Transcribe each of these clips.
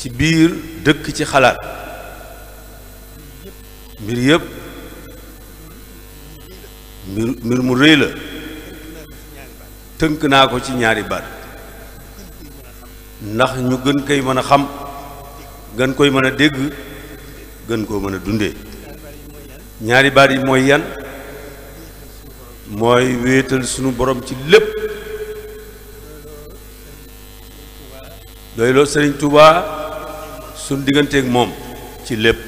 ci biir dëkk ci xalaat mbir yépp mbir mu rëy la tënk naa ko ci ñaari baat ndax ñu gën koy mën a xam gën koy mën a dégg gën koo mën a dunde ñaari baat yi mooy yan mooy wéetal sunu borom ci lépp doyloo Sëriñ Tuubaa suñ digganteek moom ci lépp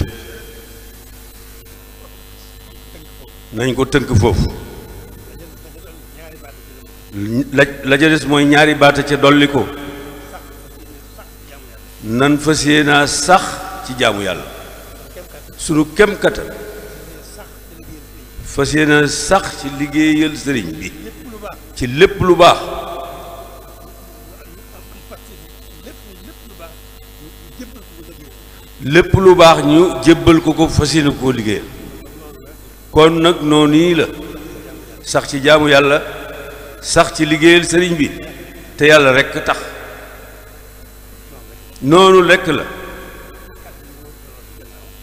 nañ ko tënk foofu la la mooy ñaari baata ca dolli ko nan fas yéenaa sax ci jaamu yàlla sunu kem kattan fas sax ci liggéeyal sëriñ bi ci lépp lu baax lépp lu baax ñu jébbal ko ko fas yéene koo liggéeyal kon nag noonu nii la sax ci jaamu yàlla sax ci liggéeyal sëriñ bi te yàlla rekk a tax noonu lekk la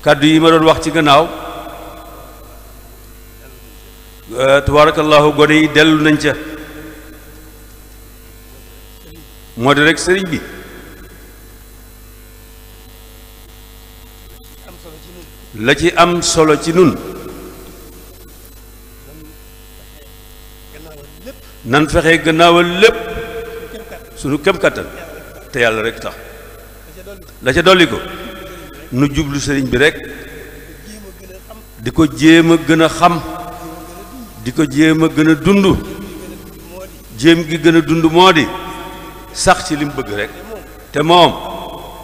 kàddu yi ma doon wax ci gannaaw euh, tabaarakallaahu gone yi dellu nañ ca moo di rekk sëriñ bi la ci am solo ci nun nan fexe gannaawal lépp sunu kem kàttan te yàlla rekk tax la ca dolli ko nu jublu sëriñ bi rek di ko jéem a gën a xam di ko jéem a gën a dund jéem gi gën a dund moo di sax ci lim bëgg rek te moom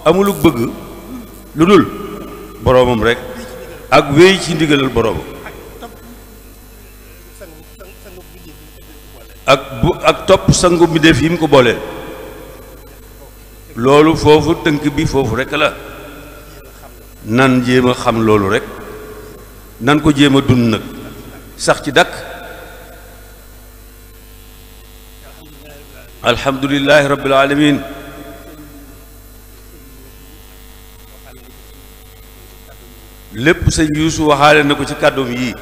amuluk bëgg lu dul boroomam rekk ak wéy ci ndigalal boroom ak bu ak topp sangu bi def yi mu ko booleel loolu foofu tënk bi foofu rekk la nan jéem a xam loolu rekk nan ko jéem a dund nag sax ci dakk alhamdulillahi rabbil alamin lépp sëñ yuusu waxaale na ko ci kàddoom yii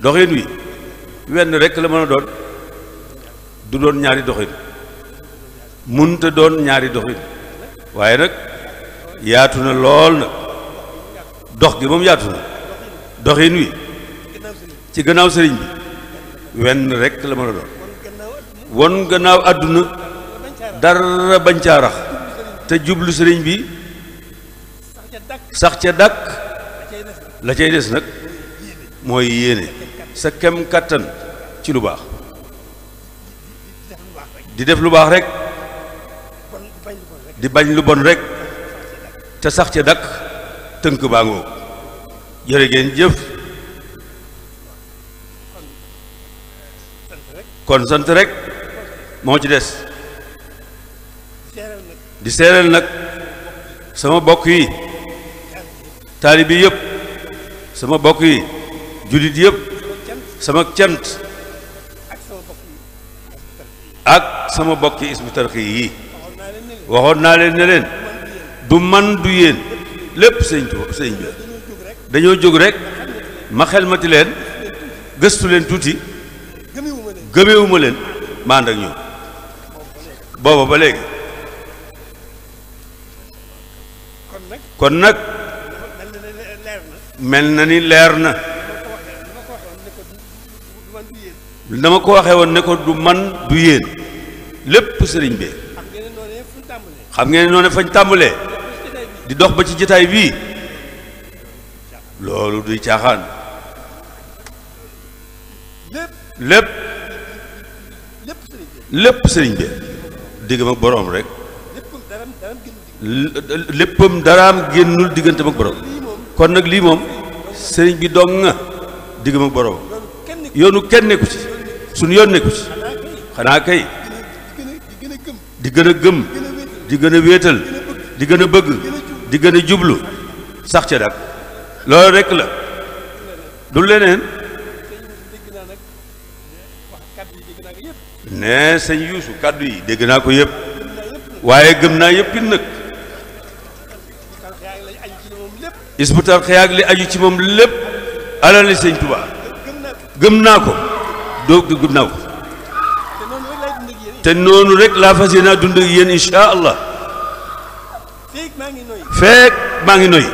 doxin wi wenn rekk la mën a doon du doon ñaari doxin munta doon ñaari doxin waaye nag yaatu na lool nag dox gi moom yaatu na doxin wi ci gannaaw sëriñ bi wenn rekk la mën a doon won gannaaw àdduna dara bañ caarax te jublu sëriñ bi sax ca dàkk la cay des nag mooy yéene sa kem kàttan ci lu baax di def lu baax rek di bañ lu bon rekk te sax ca dàkk tënk baa ngoo jërë ngeen jëf kon sant rek moo ci des di seeral nag sama bokk yi taalibi yépp sama bokk yi jullit yépp sama cant ak sama bokki isbu tarxi yi waxoon naa leen ne leen du man du yéen lépp sëñ tu sëñ bi dañoo jóg rek ma xelmati leen gëstu leen tuuti gëmewuma leen ma ànd ak booba ba léegi kon nag mel na ni leer na dama ko waxee woon ne ko du man du yéen lépp sëriñ bi xam ngeen noonu fañ tàmbalee di dox ba ci jataay bii loolu duy caaxaan lépp lépp sëriñ bi diggam ak boroom rek léppam daraam génnul diggante ak boroom kon nag lii moom sëriñ bi dong nga digg ma borom yoonu kenn nekku ci suñu yoon nekku ci xanaa kay di gën a gëm di gën a wéetal di gën a bëgg di gën a jublu sax ca dak loolu rekk la du leneen ne sëñ yuusu kàddu yi dégg naa ko yëpp waaye gëm naa yëpp it isbutal xiyaag li aju ci moom lépp alal li sëñ Tuubaa gëm naa ko doo gëm naa ko te noonu rek laa fas yéenaa dund ak yéen incha allah feek maa ngi noy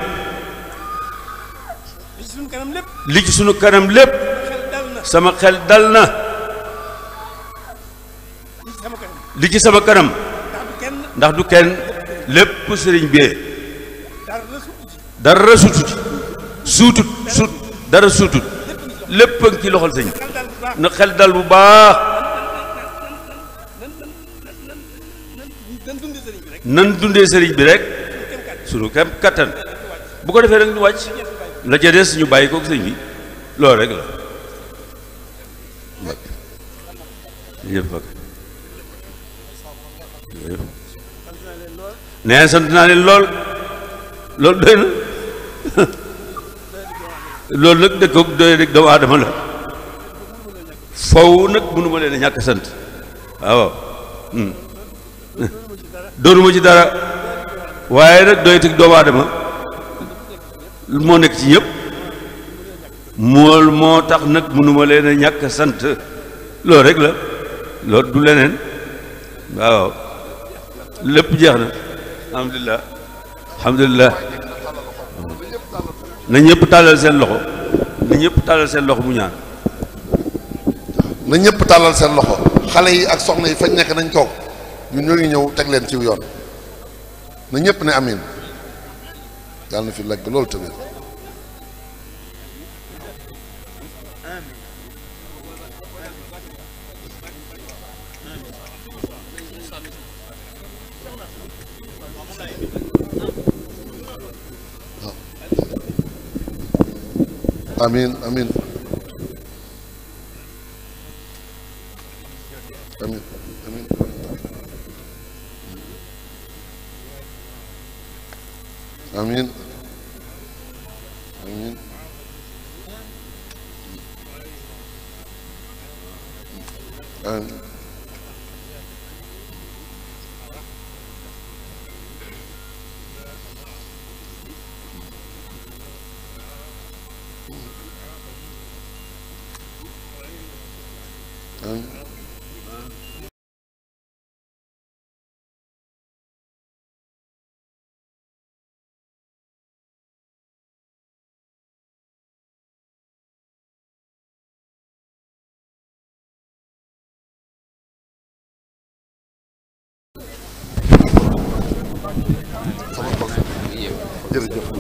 li ci sunu kanam lépp sama xel dal na li ci sama kanam ndax du kenn lépp sëriñ bee dara suutut suutut suut dara suutut lépp ci loxol sëñ na xel dal bu baax nan dundee sëriñ bi rek suñu kem kattan bu ko defee rek ñu wàcc la ca des ñu bàyyi kook sëñ bi loolu rek la nee sant naa leen lool loolu doy na loolu nag dëkk doy rek doomu aadama la faw nag mënu ma leen sant ah, waaw hmm. doonuma ci dara waaye nag doy teg doomu aadama moo nekk ci ñëpp mool moo tax nag mënuma leen a ñàkk sant loolu rek la loolu du leneen ah, waaw lépp jeex na alhamdulilah alhamdulilah na ñëpp tàllal seen loxo na ñëpp tàllal seen loxo mu ñaan na ñëpp tàllal seen loxo xale yi ak soxna yi fañ nekk dañ toog ñun ñoo ñëw teg leen ciw yoon na ñëpp ne amin yàlla na fi lekk loolu tamit amin amiin amiin amiin amiin jërëjëf